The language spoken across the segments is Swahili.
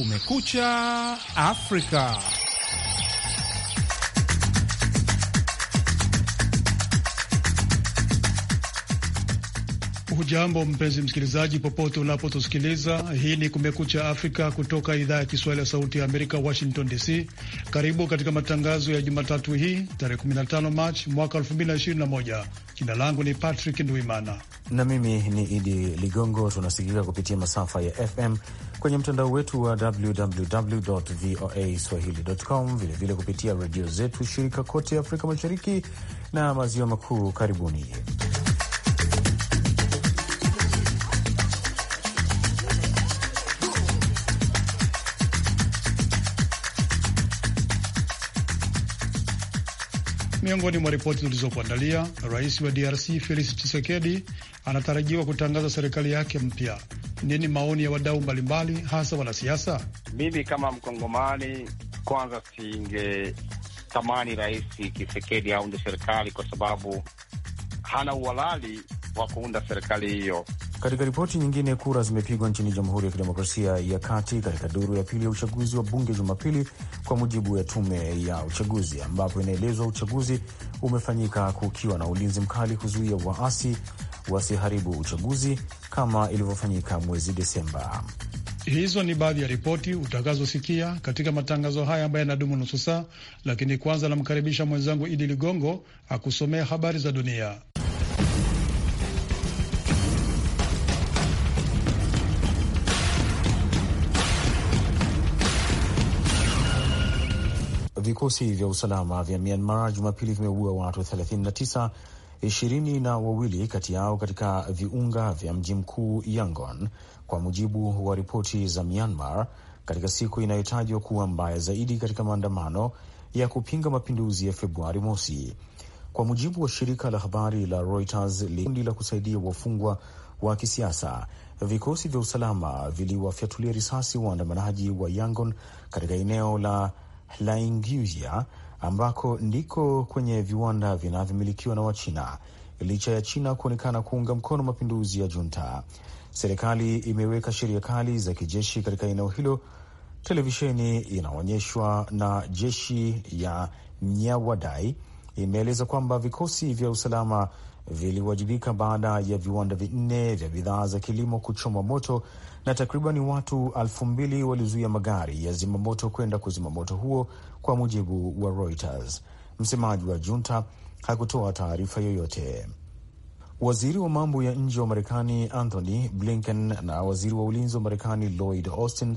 Kumekucha Afrika. Hujambo mpenzi msikilizaji, popote unapotusikiliza. Hii ni Kumekucha Afrika kutoka idhaa ya Kiswahili ya Sauti ya Amerika, Washington DC. Karibu katika matangazo ya Jumatatu hii tarehe 15 Machi mwaka 2021. Jina langu ni Patrick Nduimana na mimi ni Idi Ligongo. Tunasikika kupitia masafa ya FM kwenye mtandao wetu wa www voa swahili.com, vilevile kupitia redio zetu shirika kote Afrika Mashariki na Maziwa Makuu. Karibuni. Miongoni mwa ripoti zilizokuandalia rais wa DRC Felix Tshisekedi anatarajiwa kutangaza serikali yake mpya. Nini maoni ya wadau mbalimbali, hasa wanasiasa? Mimi kama Mkongomani, kwanza singetamani Rais Tshisekedi aunde serikali kwa sababu hana uhalali wa kuunda serikali hiyo katika ripoti nyingine, kura zimepigwa nchini Jamhuri ya Kidemokrasia ya Kati katika duru ya pili ya uchaguzi wa bunge Jumapili, kwa mujibu ya tume ya uchaguzi, ambapo inaelezwa uchaguzi umefanyika kukiwa na ulinzi mkali kuzuia waasi wasiharibu uchaguzi kama ilivyofanyika mwezi Desemba. Hizo ni baadhi ya ripoti utakazosikia katika matangazo haya ambayo yanadumu nusu saa, lakini kwanza namkaribisha mwenzangu Idi Ligongo akusomea habari za dunia. Vikosi vya usalama vya Myanmar Jumapili vimeua watu 39, ishirini na wawili kati yao katika viunga vya mji mkuu Yangon, kwa mujibu wa ripoti za Myanmar, katika siku inayotajwa kuwa mbaya zaidi katika maandamano ya kupinga mapinduzi ya Februari mosi, kwa mujibu wa shirika la habari la Reuters. Kundi la kusaidia wafungwa wa kisiasa, vikosi vya usalama viliwafyatulia risasi waandamanaji wa Yangon katika eneo la Lainguia ambako ndiko kwenye viwanda vinavyomilikiwa na Wachina. Licha ya China kuonekana kuunga mkono mapinduzi ya junta, serikali imeweka sheria kali za kijeshi katika eneo hilo. Televisheni inaonyeshwa na jeshi ya Nyawadai imeeleza kwamba vikosi vya usalama viliwajibika baada ya viwanda vinne vya bidhaa za kilimo kuchoma moto na takriban watu elfu mbili walizuia magari ya zimamoto kwenda kuzima moto huo, kwa mujibu wa Reuters. Msemaji wa junta hakutoa taarifa yoyote. Waziri wa mambo ya nje wa Marekani Anthony Blinken na waziri wa ulinzi wa Marekani Lloyd Austin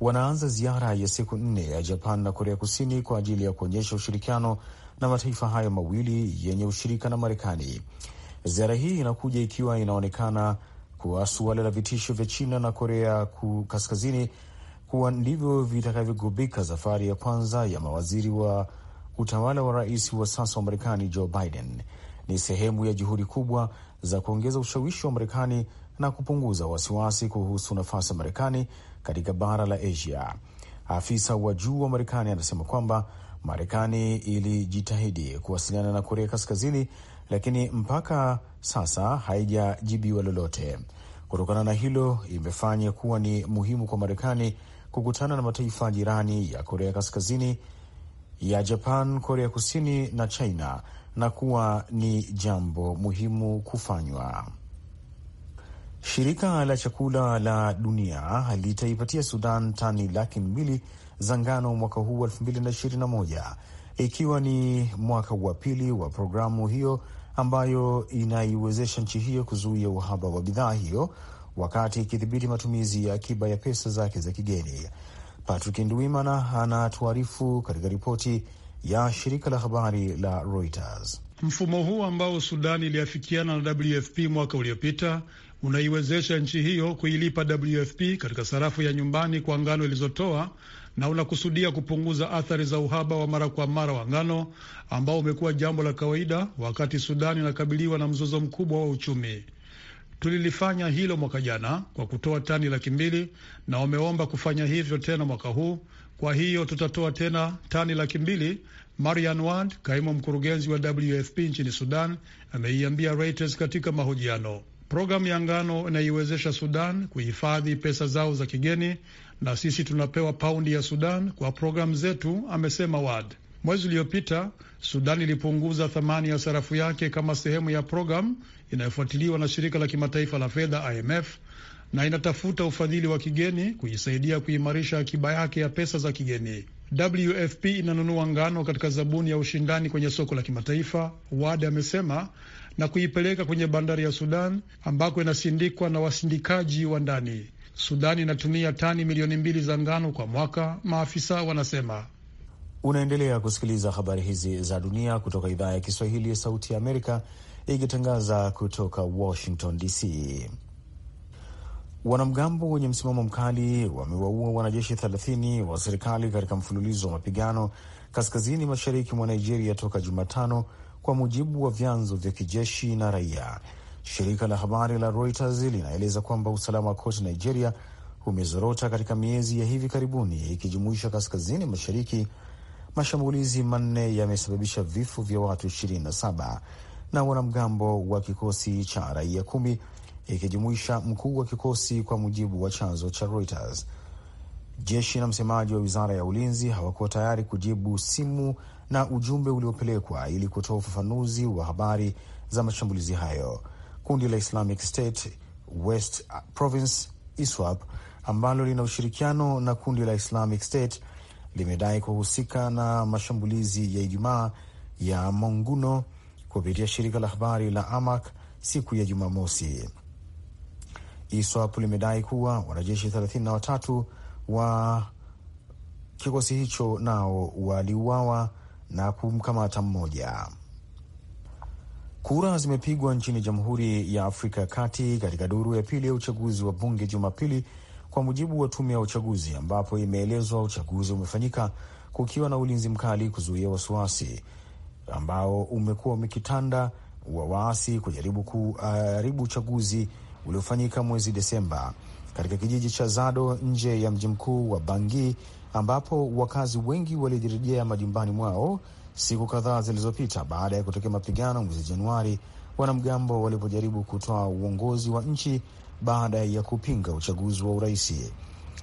wanaanza ziara ya siku nne ya Japan na Korea Kusini kwa ajili ya kuonyesha ushirikiano na mataifa hayo mawili yenye ushirika na Marekani. Ziara hii inakuja ikiwa inaonekana kuwa suala la vitisho vya China na Korea Kaskazini kuwa ndivyo vitakavyogubika safari ya kwanza ya mawaziri wa utawala wa rais wa sasa wa Marekani Joe Biden ni sehemu ya juhudi kubwa za kuongeza ushawishi wa Marekani na kupunguza wasiwasi kuhusu nafasi ya Marekani katika bara la Asia. Afisa wa juu wa Marekani anasema kwamba Marekani ilijitahidi kuwasiliana na Korea Kaskazini, lakini mpaka sasa haijajibiwa lolote. Kutokana na hilo, imefanya kuwa ni muhimu kwa Marekani kukutana na mataifa jirani ya Korea Kaskazini, ya Japan, Korea Kusini na China na kuwa ni jambo muhimu kufanywa. Shirika la chakula la dunia litaipatia Sudan tani laki mbili za ngano mwaka huu 2021 ikiwa ni mwaka wa pili wa programu hiyo ambayo inaiwezesha nchi hiyo kuzuia uhaba wa bidhaa hiyo wakati ikidhibiti matumizi ya akiba ya pesa zake za kigeni. Patrick Ndwimana anatuarifu katika ripoti ya shirika la habari la Reuters. Mfumo huu ambao Sudani iliafikiana na WFP mwaka uliopita unaiwezesha nchi hiyo kuilipa WFP katika sarafu ya nyumbani kwa ngano ilizotoa na unakusudia kupunguza athari za uhaba wa mara kwa mara wa ngano ambao umekuwa jambo la kawaida wakati Sudani inakabiliwa na mzozo mkubwa wa uchumi. Tulilifanya hilo mwaka jana kwa kutoa tani laki mbili na wameomba kufanya hivyo tena mwaka huu. Kwa hiyo tutatoa tena tani laki mbili. Marian Ward, kaimu mkurugenzi wa WFP nchini Sudan, ameiambia Reuters katika mahojiano. Programu ya ngano inaiwezesha Sudan kuhifadhi pesa zao za kigeni, na sisi tunapewa paundi ya Sudan kwa programu zetu, amesema Wad. Mwezi uliopita Sudan ilipunguza thamani ya sarafu yake kama sehemu ya programu inayofuatiliwa na shirika la kimataifa la fedha IMF na inatafuta ufadhili wa kigeni kuisaidia kuimarisha akiba yake ya pesa za kigeni. WFP inanunua ngano katika zabuni ya ushindani kwenye soko la kimataifa, Wad amesema, na kuipeleka kwenye bandari ya Sudan ambako inasindikwa na wasindikaji wa ndani. Sudan inatumia tani milioni mbili za ngano kwa mwaka, maafisa wanasema. Unaendelea kusikiliza habari hizi za dunia kutoka idhaa ya Kiswahili ya Sauti ya Amerika ikitangaza kutoka Washington DC. Wanamgambo wenye msimamo mkali wamewaua wanajeshi 30 wa serikali katika mfululizo wa mapigano kaskazini mashariki mwa Nigeria toka Jumatano, kwa mujibu wa vyanzo vya kijeshi na raia. Shirika la habari la Reuters linaeleza kwamba usalama kote Nigeria umezorota katika miezi ya hivi karibuni, ikijumuisha kaskazini mashariki. Mashambulizi manne yamesababisha vifo vya watu 27 na wanamgambo wa kikosi cha raia kumi, ikijumuisha mkuu wa kikosi, kwa mujibu wa chanzo cha Reuters. Jeshi na msemaji wa wizara ya ulinzi hawakuwa tayari kujibu simu na ujumbe uliopelekwa ili kutoa ufafanuzi wa habari za mashambulizi hayo. Kundi la Islamic State West Province ISWAP ambalo lina ushirikiano na kundi la Islamic State limedai kuhusika na mashambulizi ya Ijumaa ya Monguno kupitia shirika la habari la Amak siku ya Jumamosi. ISWAP limedai kuwa wanajeshi watatu wa kikosi hicho nao waliuawa na kumkamata mmoja. Kura zimepigwa nchini Jamhuri ya Afrika ya Kati katika duru ya pili ya uchaguzi wa bunge Jumapili, kwa mujibu wa tume ya uchaguzi, ambapo imeelezwa uchaguzi umefanyika kukiwa na ulinzi mkali kuzuia wasiwasi ambao umekuwa umekitanda wa waasi kujaribu kuharibu uchaguzi uliofanyika mwezi Desemba katika kijiji cha Zado nje ya mji mkuu wa Bangui ambapo wakazi wengi walirejea majumbani mwao siku kadhaa zilizopita baada ya kutokea mapigano mwezi Januari, wanamgambo walipojaribu kutoa uongozi wa nchi baada ya kupinga uchaguzi wa uraisi.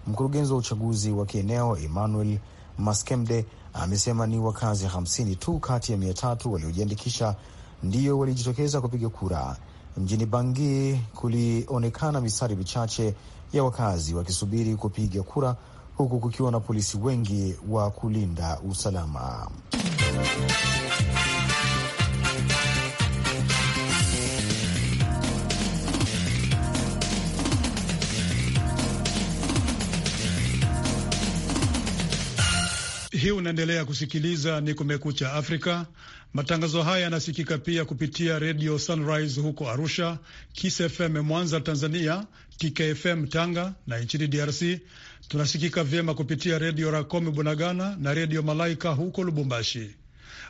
Mkurugenzi wa uchaguzi wa kieneo Emmanuel Maskemde amesema ni wakazi 50 tu kati ya mia tatu waliojiandikisha ndiyo walijitokeza kupiga kura. Mjini Bangi kulionekana mistari michache ya wakazi wakisubiri kupiga kura huku kukiwa na polisi wengi wa kulinda usalama. Hii unaendelea kusikiliza ni Kumekucha Afrika. Matangazo haya yanasikika pia kupitia redio Sunrise huko Arusha, Kiss FM Mwanza Tanzania, TKFM Tanga na nchini DRC Tunasikika vyema kupitia redio Rakome Bunagana na redio Malaika huko Lubumbashi.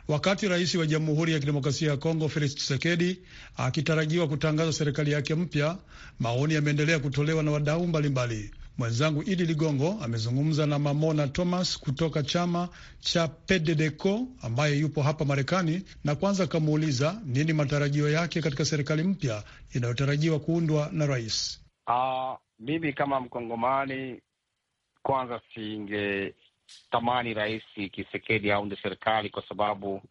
Wakati rais wa Jamhuri ya Kidemokrasia ya Kongo Felix Tshisekedi akitarajiwa kutangaza serikali yake mpya, maoni yameendelea kutolewa na wadau mbalimbali. Mwenzangu Idi Ligongo amezungumza na Mamona Thomas kutoka chama cha PDDCO ambaye yupo hapa Marekani, na kwanza akamuuliza nini matarajio yake katika serikali mpya inayotarajiwa kuundwa na rais. Uh, mimi kama Mkongomani kwanza singetamani Rais Kisekedi aunde serikali kwa sababu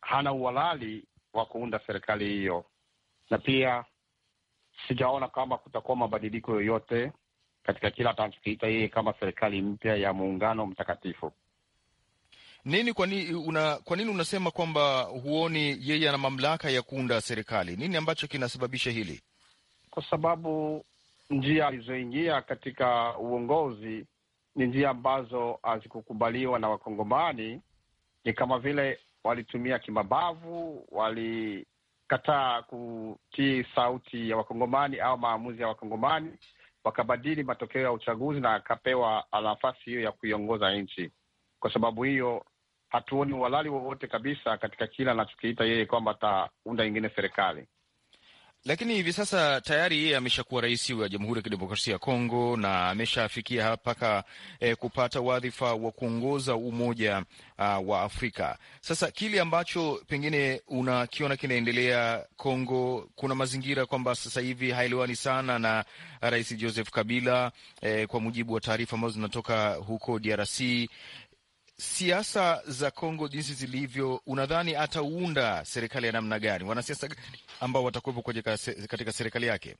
hana uhalali wa kuunda serikali hiyo, na pia sijaona kama kutakuwa mabadiliko yoyote katika kile atachokiita yeye kama serikali mpya ya muungano mtakatifu. Nini, kwa nini una, kwa nini unasema kwamba huoni yeye ana mamlaka ya kuunda serikali? Nini ambacho kinasababisha hili? Kwa sababu njia alizoingia katika uongozi ni njia ambazo hazikukubaliwa na Wakongomani. Ni kama vile walitumia kimabavu, walikataa kutii sauti ya Wakongomani au maamuzi ya Wakongomani, wakabadili matokeo ya uchaguzi na akapewa nafasi hiyo ya kuiongoza nchi. Kwa sababu hiyo hatuoni uhalali wowote kabisa katika kile anachokiita yeye kwamba ataunda ingine serikali. Lakini hivi sasa tayari yeye ameshakuwa rais wa Jamhuri ya Kidemokrasia ya Kongo na ameshafikia mpaka eh, kupata wadhifa wa kuongoza Umoja uh, wa Afrika. Sasa kile ambacho pengine unakiona kinaendelea Kongo, kuna mazingira kwamba sasa hivi haelewani sana na Rais Joseph Kabila eh, kwa mujibu wa taarifa ambazo zinatoka huko DRC siasa za Kongo jinsi zilivyo, unadhani ataunda serikali ya namna gani? Wanasiasa gani ambao watakuwepo katika serikali yake?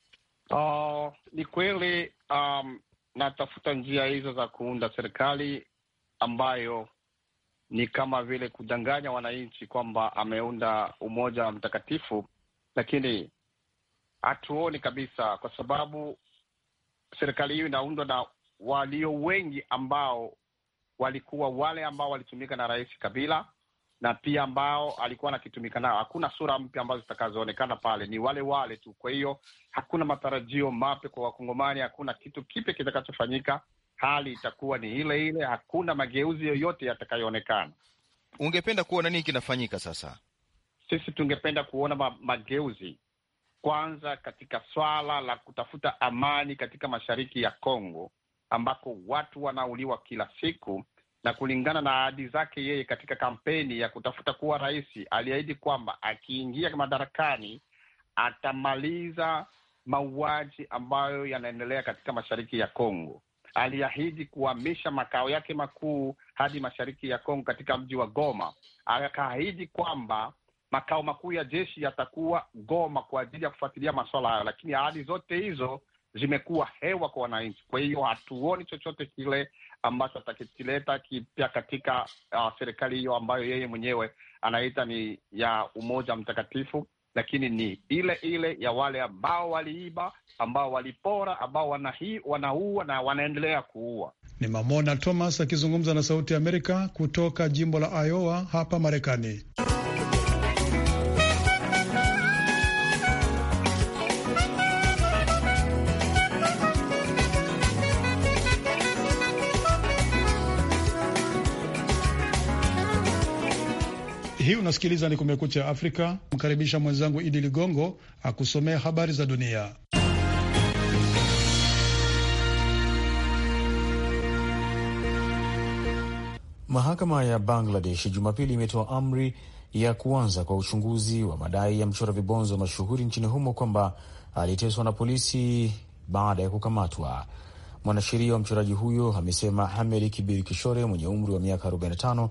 Uh, ni kweli um, natafuta njia hizo za kuunda serikali ambayo ni kama vile kudanganya wananchi kwamba ameunda umoja wa mtakatifu, lakini hatuoni kabisa, kwa sababu serikali hiyo inaundwa na walio wengi ambao walikuwa wale ambao walitumika na Rais Kabila na pia ambao alikuwa anakitumika nao. Hakuna sura mpya ambazo zitakazoonekana pale, ni wale wale tu. Kwa hiyo hakuna matarajio mapya kwa Wakongomani, hakuna kitu kipya kitakachofanyika. Hali itakuwa ni ile ile, hakuna mageuzi yoyote yatakayoonekana. Ungependa kuona nini kinafanyika sasa? Sisi tungependa kuona ma mageuzi kwanza katika swala la kutafuta amani katika mashariki ya Kongo, ambako watu wanauliwa kila siku, na kulingana na ahadi zake yeye katika kampeni ya kutafuta kuwa rais, aliahidi kwamba akiingia madarakani atamaliza mauaji ambayo yanaendelea katika mashariki ya Kongo. Aliahidi kuhamisha makao yake makuu hadi mashariki ya Kongo katika mji wa Goma. Akaahidi kwamba makao makuu ya jeshi yatakuwa Goma kwa ajili ya kufuatilia masuala hayo, lakini ahadi zote hizo zimekuwa hewa kwa wananchi. Kwa hiyo hatuoni chochote kile ambacho atakileta kipya katika uh, serikali hiyo ambayo yeye mwenyewe anaita ni ya umoja mtakatifu, lakini ni ile ile ya wale ambao waliiba, ambao walipora, ambao wanahi, wanaua na wanaendelea kuua. Ni Mamona Thomas akizungumza na Sauti ya Amerika kutoka jimbo la Iowa hapa Marekani. Hii unasikiliza ni Kumekucha Afrika. Mkaribisha mwenzangu Idi Ligongo akusomea habari za dunia. Mahakama ya Bangladesh Jumapili imetoa amri ya kuanza kwa uchunguzi wa madai ya mchora vibonzo mashuhuri nchini humo kwamba aliteswa na polisi baada ya kukamatwa. Mwanasheria wa mchoraji huyo amesema Hamed Kibir Kishore mwenye umri wa miaka 45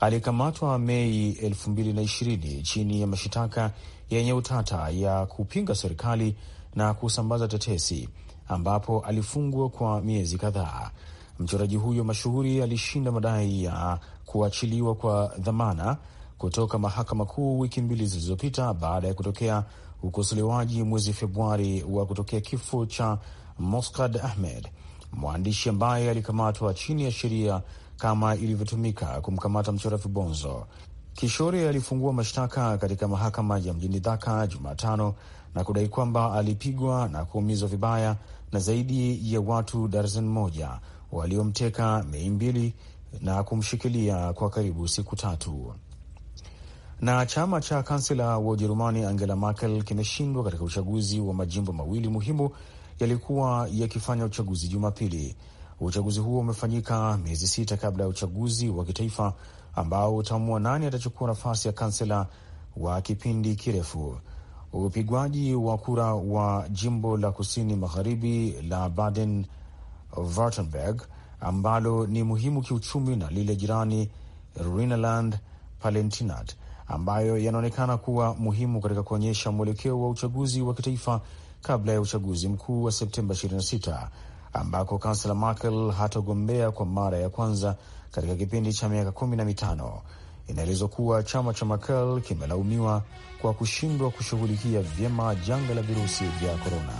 aliyekamatwa Mei 2020 chini ya mashitaka yenye utata ya kupinga serikali na kusambaza tetesi, ambapo alifungwa kwa miezi kadhaa. Mchoraji huyo mashuhuri alishinda madai ya kuachiliwa kwa dhamana kutoka mahakama kuu wiki mbili zilizopita baada ya kutokea ukosolewaji mwezi Februari wa kutokea kifo cha Moscad Ahmed mwandishi ambaye alikamatwa chini ya sheria kama ilivyotumika kumkamata mchora vibonzo. Kishore alifungua mashtaka katika mahakama ya mjini Dhaka Jumatano na kudai kwamba alipigwa na kuumizwa vibaya na zaidi ya watu darzen moja waliomteka Mei mbili na kumshikilia kwa karibu siku tatu. Na chama cha kansela wa Ujerumani Angela Merkel kimeshindwa katika uchaguzi wa majimbo mawili muhimu yalikuwa yakifanya uchaguzi Jumapili. Uchaguzi huo umefanyika miezi sita kabla ya uchaguzi wa kitaifa ambao utaamua nani atachukua nafasi ya kansela wa kipindi kirefu. Upigwaji wa kura wa jimbo la kusini magharibi la Baden Württemberg ambalo ni muhimu kiuchumi na lile jirani Rhineland Palatinat ambayo yanaonekana kuwa muhimu katika kuonyesha mwelekeo wa uchaguzi wa kitaifa kabla ya uchaguzi mkuu wa Septemba 26 ambako kansela Merkel hatagombea kwa mara ya kwanza katika kipindi cha miaka kumi na mitano. Inaelezwa kuwa chama cha Merkel kimelaumiwa kwa kushindwa kushughulikia vyema janga la virusi vya korona.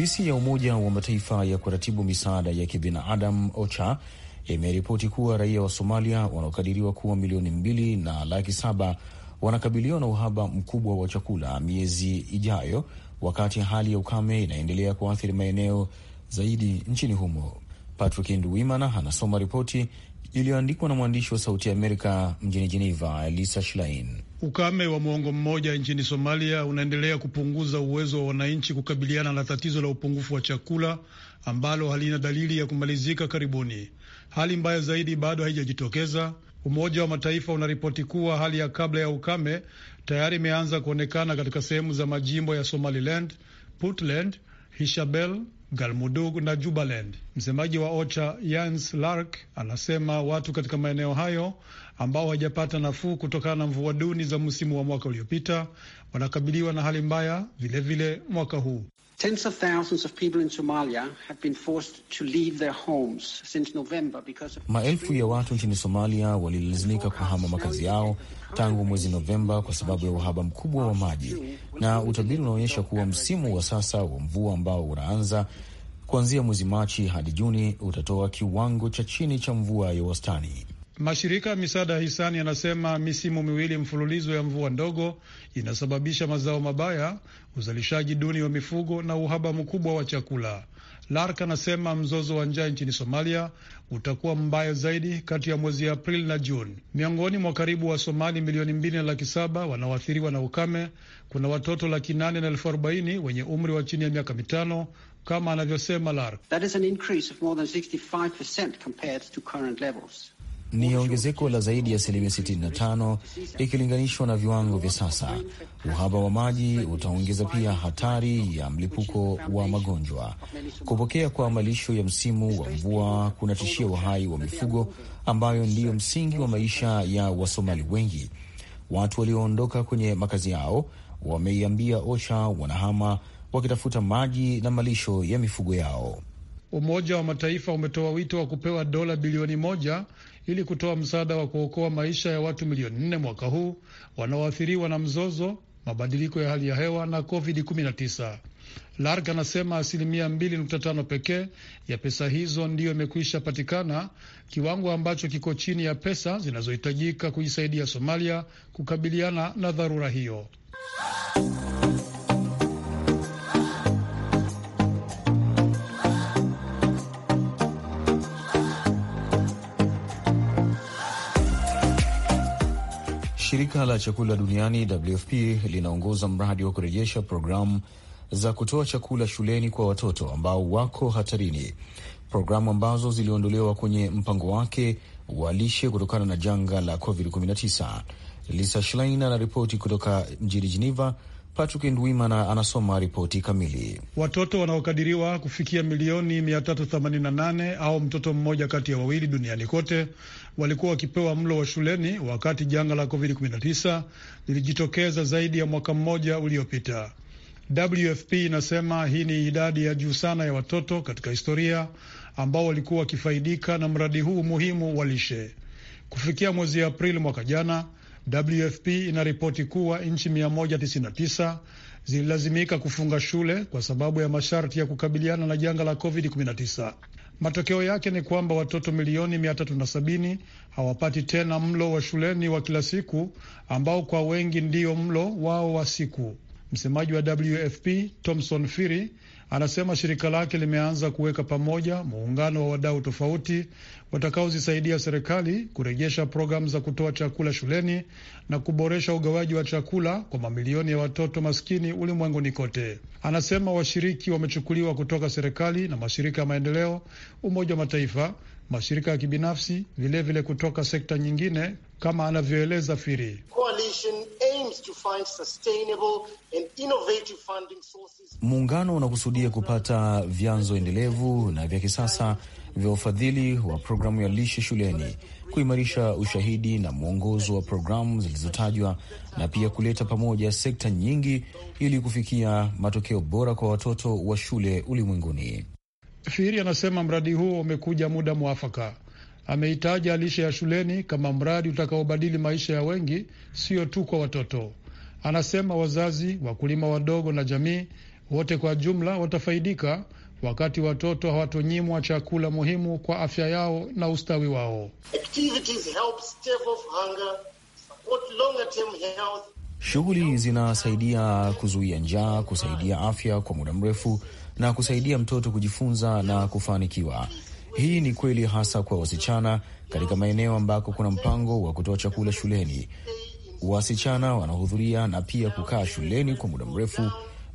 Ofisi ya Umoja wa Mataifa ya kuratibu misaada ya kibinadamu OCHA imeripoti kuwa raia wa Somalia wanaokadiriwa kuwa milioni mbili na laki saba wanakabiliwa na uhaba mkubwa wa chakula miezi ijayo, wakati hali ya ukame inaendelea kuathiri maeneo zaidi nchini humo. Patrick Nduwimana anasoma ripoti iliyoandikwa na mwandishi wa Sauti ya Amerika mjini Jeneva, Elisa Schlein. Ukame wa mwongo mmoja nchini Somalia unaendelea kupunguza uwezo wa wananchi kukabiliana na tatizo la upungufu wa chakula ambalo halina dalili ya kumalizika karibuni. Hali mbaya zaidi bado haijajitokeza. Umoja wa Mataifa unaripoti kuwa hali ya kabla ya ukame tayari imeanza kuonekana katika sehemu za majimbo ya Somaliland, Puntland, Hishabel, Galmudug na Jubaland. Msemaji wa OCHA Jens Lark anasema watu katika maeneo hayo ambao hawajapata nafuu kutokana na mvua duni za msimu wa mwaka uliopita wanakabiliwa na hali mbaya vilevile vile mwaka huu. maelfu ya watu nchini Somalia walilazimika kuhama makazi yao tangu mwezi Novemba kwa sababu ya uhaba mkubwa wa maji, na utabiri unaonyesha kuwa msimu wa sasa wa mvua ambao unaanza kuanzia mwezi Machi hadi Juni utatoa kiwango cha chini cha mvua ya wastani. Mashirika ya misaada ya hisani yanasema misimu miwili mfululizo ya mvua ndogo inasababisha mazao mabaya, uzalishaji duni wa mifugo na uhaba mkubwa wa chakula. Lark anasema mzozo wa njaa nchini Somalia utakuwa mbaya zaidi kati ya mwezi Aprili na Juni. Miongoni mwa karibu wa Somali milioni mbili na laki saba wanaoathiriwa na ukame, kuna watoto laki nane na elfu arobaini wenye umri wa chini ya miaka mitano kama anavyosema Lark. That is an increase of more than 65% compared to current levels ni ongezeko la zaidi ya asilimia 65 ikilinganishwa na viwango vya sasa. Uhaba wa maji utaongeza pia hatari ya mlipuko wa magonjwa. Kupokea kwa malisho ya msimu wa mvua kunatishia uhai wa mifugo ambayo ndiyo msingi wa maisha ya Wasomali wengi. Watu walioondoka kwenye makazi yao wameiambia OCHA wanahama wakitafuta maji na malisho ya mifugo yao. Umoja wa Mataifa umetoa wito wa kupewa dola bilioni moja ili kutoa msaada wa kuokoa maisha ya watu milioni nne mwaka huu wanaoathiriwa na mzozo, mabadiliko ya hali ya hewa na COVID-19. Lark anasema asilimia 2.5 pekee ya pesa hizo ndiyo imekwisha patikana, kiwango ambacho kiko chini ya pesa zinazohitajika kuisaidia Somalia kukabiliana na dharura hiyo. Shirika la chakula duniani WFP linaongoza mradi wa kurejesha programu za kutoa chakula shuleni kwa watoto ambao wako hatarini, programu ambazo ziliondolewa kwenye mpango wake wa lishe kutokana na janga la COVID-19. Lisa Schlein anaripoti kutoka mjini Geneva. Patrick Ndwimana anasoma ripoti kamili. Watoto wanaokadiriwa kufikia milioni 388 au mtoto mmoja kati ya wawili duniani kote walikuwa wakipewa mlo wa shuleni wakati janga la COVID-19 lilijitokeza zaidi ya mwaka mmoja uliopita. WFP inasema hii ni idadi ya juu sana ya watoto katika historia ambao walikuwa wakifaidika na mradi huu muhimu wa lishe. Kufikia mwezi Aprili mwaka jana, WFP inaripoti kuwa nchi 199 zililazimika kufunga shule kwa sababu ya masharti ya kukabiliana na janga la COVID-19. Matokeo yake ni kwamba watoto milioni mia tatu na sabini hawapati tena mlo wa shuleni wa kila siku ambao kwa wengi ndio mlo wao wa siku. Msemaji wa WFP Thomson Firi Anasema shirika lake limeanza kuweka pamoja muungano wa wadau tofauti watakaozisaidia serikali kurejesha programu za kutoa chakula shuleni na kuboresha ugawaji wa chakula kwa mamilioni ya watoto maskini ulimwenguni kote. Anasema washiriki wamechukuliwa kutoka serikali na mashirika ya maendeleo, Umoja wa Mataifa, mashirika ya kibinafsi, vilevile kutoka sekta nyingine, kama anavyoeleza Firi. Coalition Muungano unakusudia kupata vyanzo endelevu na vya kisasa vya ufadhili wa programu ya lishe shuleni, kuimarisha ushahidi na mwongozo wa programu zilizotajwa, na pia kuleta pamoja sekta nyingi ili kufikia matokeo bora kwa watoto wa shule ulimwenguni. Firi anasema mradi huo umekuja muda mwafaka. Ameitaja lishe ya shuleni kama mradi utakaobadili maisha ya wengi, sio tu kwa watoto. Anasema wazazi, wakulima wadogo na jamii wote kwa jumla watafaidika wakati watoto hawatonyimwa chakula muhimu kwa afya yao na ustawi wao. Shughuli zinasaidia kuzuia njaa, kusaidia afya kwa muda mrefu na kusaidia mtoto kujifunza na kufanikiwa. Hii ni kweli hasa kwa wasichana katika maeneo ambako kuna mpango wa kutoa chakula shuleni. Wasichana wanahudhuria na pia kukaa shuleni kwa muda mrefu.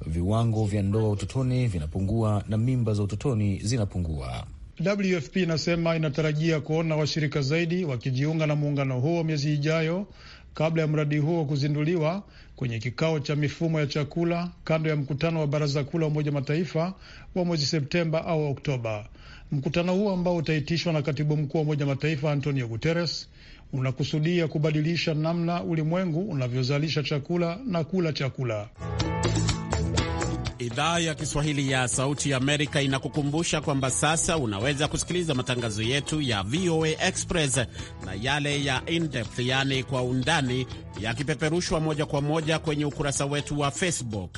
Viwango vya ndoa utotoni vinapungua na mimba za utotoni zinapungua. WFP inasema inatarajia kuona washirika zaidi wakijiunga na muungano huo miezi ijayo kabla ya mradi huo kuzinduliwa kwenye kikao cha mifumo ya chakula kando ya mkutano wa Baraza Kuu la Umoja Mataifa wa mwezi Septemba au Oktoba. Mkutano huo ambao utaitishwa na katibu mkuu wa Umoja Mataifa Antonio Guterres unakusudia kubadilisha namna ulimwengu unavyozalisha chakula na kula chakula. Idhaa ya Kiswahili ya Sauti ya Amerika inakukumbusha kwamba sasa unaweza kusikiliza matangazo yetu ya VOA Express na yale ya in-depth, yaani kwa undani, yakipeperushwa moja kwa moja kwenye ukurasa wetu wa Facebook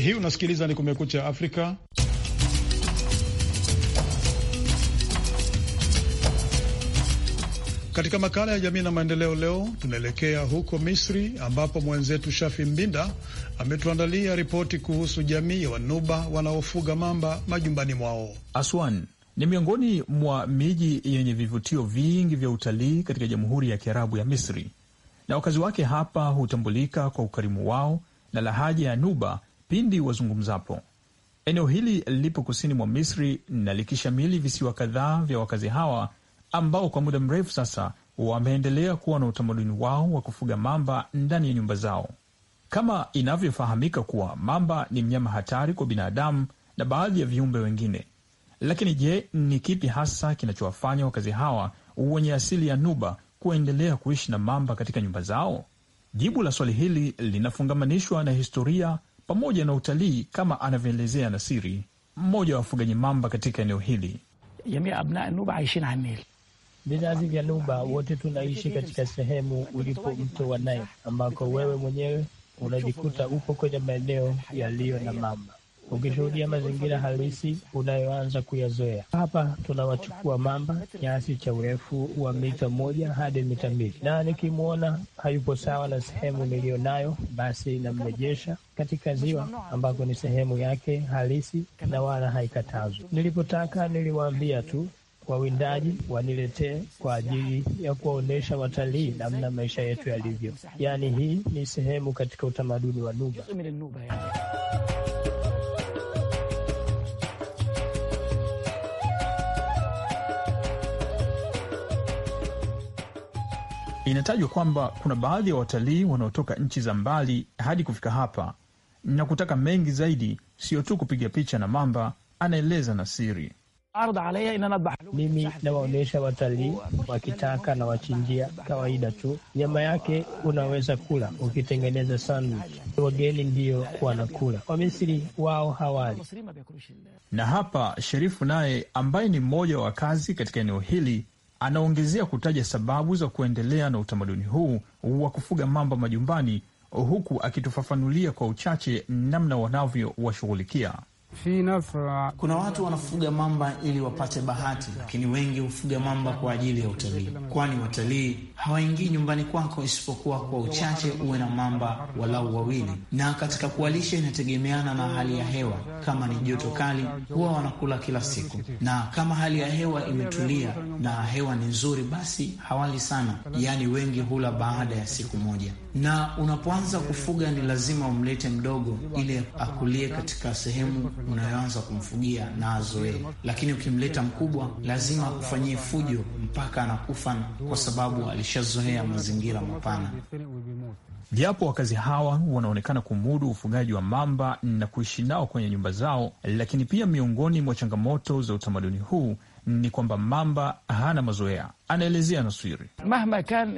Hii unasikiliza ni Kumekucha Afrika. Katika makala ya jamii na maendeleo leo, tunaelekea huko Misri ambapo mwenzetu Shafi Mbinda ametuandalia ripoti kuhusu jamii ya Wanuba wanaofuga mamba majumbani mwao. Aswan ni miongoni mwa miji yenye vivutio vingi vya utalii katika Jamhuri ya Kiarabu ya Misri, na wakazi wake hapa hutambulika kwa ukarimu wao na lahaja ya Nuba pindi wazungumzapo. Eneo hili lipo kusini mwa Misri na likishamili visiwa kadhaa vya wakazi hawa ambao kwa muda mrefu sasa wameendelea kuwa na utamaduni wao wa kufuga mamba ndani ya nyumba zao. Kama inavyofahamika kuwa mamba ni mnyama hatari kwa binadamu na baadhi ya viumbe wengine. Lakini je, ni kipi hasa kinachowafanya wakazi hawa wenye asili ya Nuba kuendelea kuishi na mamba katika nyumba zao? Jibu la swali hili linafungamanishwa na historia pamoja na utalii, kama anavyoelezea Nasiri, mmoja wa wafugaji mamba katika eneo hili. Vizazi vya Nuba wote tunaishi katika sehemu ulipo mto wa Nile, ambako wewe mwenyewe unajikuta upo kwenye maeneo yaliyo na mamba ukishuhudia mazingira halisi unayoanza kuyazoea. Hapa tunawachukua mamba kiasi cha urefu wa mita moja hadi mita mbili, na nikimwona hayupo sawa na sehemu niliyo nayo, basi namrejesha katika ziwa ambako ni sehemu yake halisi na wala haikatazwi. Nilipotaka niliwaambia tu wawindaji waniletee kwa ajili ya kuwaonyesha watalii namna maisha yetu yalivyo. Yaani, hii ni sehemu katika utamaduni wa Nuba. Inatajwa kwamba kuna baadhi ya watalii wanaotoka nchi za mbali hadi kufika hapa na kutaka mengi zaidi, sio tu kupiga picha na mamba, anaeleza Nasiri. Mimi nawaonyesha watalii wakitaka na wachinjia kawaida tu, nyama yake unaweza kula ukitengeneza sandwich. Wageni ndiyo wanakula, Wamisri wao hawali. Na hapa Sherifu naye ambaye ni mmoja wa kazi katika eneo hili Anaongezea kutaja sababu za kuendelea na utamaduni huu wa kufuga mamba majumbani, huku akitufafanulia kwa uchache namna wanavyowashughulikia. Kuna watu wanafuga mamba ili wapate bahati, lakini wengi hufuga mamba kwa ajili ya utalii, kwani watalii hawaingii nyumbani kwako isipokuwa kwa uchache uwe na mamba walau wawili. Na katika kuwalisha inategemeana na hali ya hewa. Kama ni joto kali, huwa wanakula kila siku, na kama hali ya hewa imetulia na hewa ni nzuri, basi hawali sana, yaani wengi hula baada ya siku moja. Na unapoanza kufuga, ni lazima umlete mdogo ili akulie katika sehemu unayoanza kumfugia na azoee, lakini ukimleta mkubwa lazima ufanyie fujo mpaka anakufa, kwa sababu alishazoea mazingira mapana. Japo wakazi hawa wanaonekana kumudu ufugaji wa mamba na kuishi nao kwenye nyumba zao, lakini pia miongoni mwa changamoto za utamaduni huu ni kwamba mamba hana mazoea. Anaelezea Naswiri, mahma kan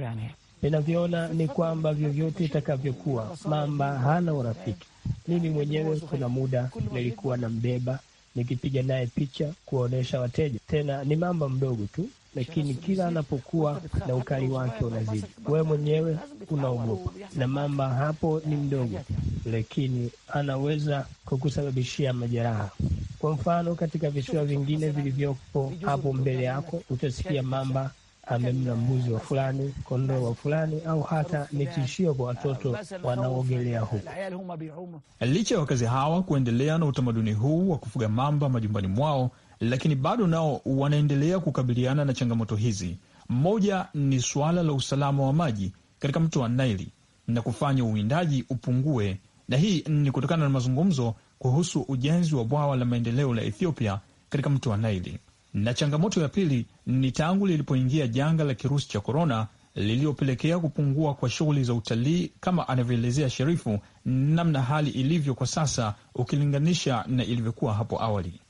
yani, ninavyoona ni kwamba vyovyote itakavyokuwa, mamba hana urafiki mimi mwenyewe kuna muda nilikuwa nambeba nikipiga naye picha kuwaonyesha wateja, tena ni mamba mdogo tu, lakini kila anapokuwa na ukali wake unazidi, wewe mwenyewe unaogopa, na mamba hapo ni mdogo, lakini anaweza kukusababishia majeraha. Kwa mfano, katika visiwa vingine vilivyopo hapo mbele yako utasikia mamba amemla mbuzi wa fulani, kondoo wa fulani, au hata ni tishio kwa watoto wanaoogelea huko. Licha ya wakazi hawa kuendelea na utamaduni huu wa kufuga mamba majumbani mwao, lakini bado nao wanaendelea kukabiliana na changamoto hizi. Mmoja ni suala la usalama wa maji katika mto wa Naili na kufanya uwindaji upungue, na hii ni kutokana na mazungumzo kuhusu ujenzi wa bwawa la maendeleo la Ethiopia katika mto wa Naili. Na changamoto ya pili ni tangu lilipoingia janga la kirusi cha korona liliyopelekea kupungua kwa shughuli za utalii, kama anavyoelezea Sherifu namna hali ilivyo kwa sasa ukilinganisha na ilivyokuwa hapo awali.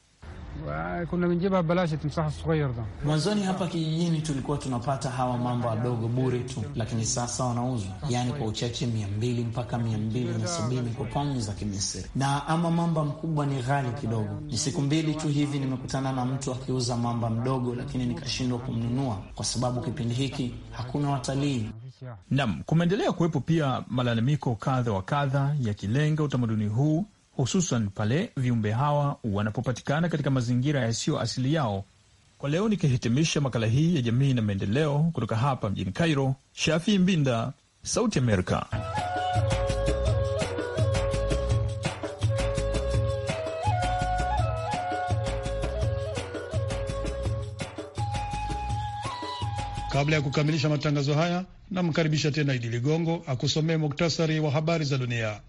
Kuna wengine balashi tumsaha sughayir da. Mwanzoni hapa kijijini tulikuwa tunapata hawa mambo wadogo bure tu, lakini sasa wanauzwa yani kwa uchache mia mbili mpaka mia mbili na sabini kwa pauni za Kimisri, na ama mamba mkubwa ni ghali kidogo. Ni siku mbili tu hivi nimekutana na mtu akiuza mamba mdogo, lakini nikashindwa kumnunua kwa sababu kipindi hiki hakuna watalii. Naam, kumeendelea kuwepo pia malalamiko kadha wa kadha yakilenga utamaduni huu hususan pale viumbe hawa wanapopatikana katika mazingira yasiyo asili yao. Kwa leo nikihitimisha makala hii ya jamii na maendeleo kutoka hapa mjini Cairo, Shafi Mbinda, Sauti Amerika. Kabla ya kukamilisha matangazo haya, namkaribisha tena Idi Ligongo akusomee muktasari wa habari za dunia.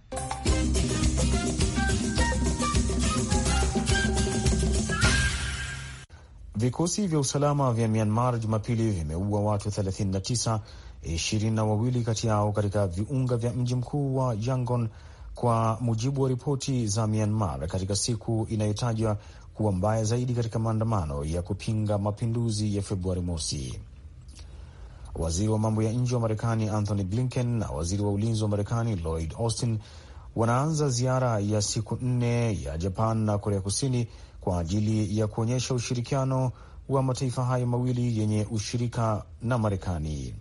Vikosi vya usalama vya Myanmar Jumapili vimeua watu 39, ishirini na wawili kati yao katika viunga vya mji mkuu wa Yangon, kwa mujibu wa ripoti za Myanmar, katika siku inayotajwa kuwa mbaya zaidi katika maandamano ya kupinga mapinduzi ya Februari mosi. Waziri wa mambo ya nje wa Marekani Anthony Blinken na waziri wa ulinzi wa Marekani Lloyd Austin wanaanza ziara ya siku nne ya Japan na Korea Kusini kwa ajili ya kuonyesha ushirikiano wa mataifa hayo mawili yenye ushirika na Marekani.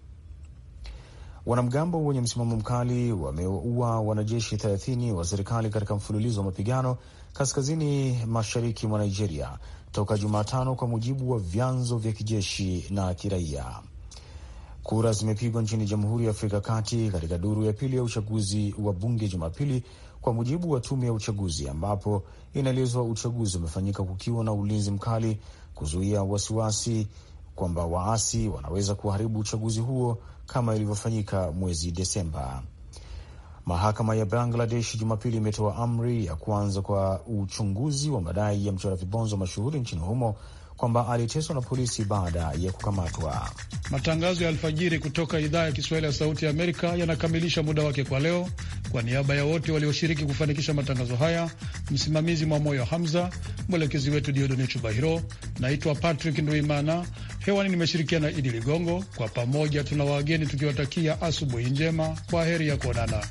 Wanamgambo wenye msimamo mkali wameua wanajeshi 30 wa serikali katika mfululizo wa mapigano kaskazini mashariki mwa Nigeria toka Jumatano, kwa mujibu wa vyanzo vya kijeshi na kiraia. Kura zimepigwa nchini Jamhuri ya Afrika Kati katika duru ya pili ya uchaguzi wa bunge Jumapili, kwa mujibu wa tume ya uchaguzi, ambapo inaelezwa uchaguzi umefanyika kukiwa na ulinzi mkali, kuzuia wasiwasi kwamba waasi wanaweza kuharibu uchaguzi huo kama ilivyofanyika mwezi Desemba. Mahakama ya Bangladesh Jumapili imetoa amri ya kuanza kwa uchunguzi wa madai ya mchora vibonzo mashuhuri nchini humo kwamba aliteswa na polisi baada ya kukamatwa. Matangazo ya alfajiri kutoka idhaa ya Kiswahili ya Sauti ya Amerika yanakamilisha muda wake kwa leo. Kwa niaba ya wote walioshiriki kufanikisha matangazo haya, msimamizi mwa moyo Hamza, mwelekezi wetu Diodone Chubahiro, naitwa Patrick Nduimana. Hewani nimeshirikiana Idi Ligongo. Kwa pamoja tuna wageni tukiwatakia asubuhi njema. Kwa heri ya kuonana.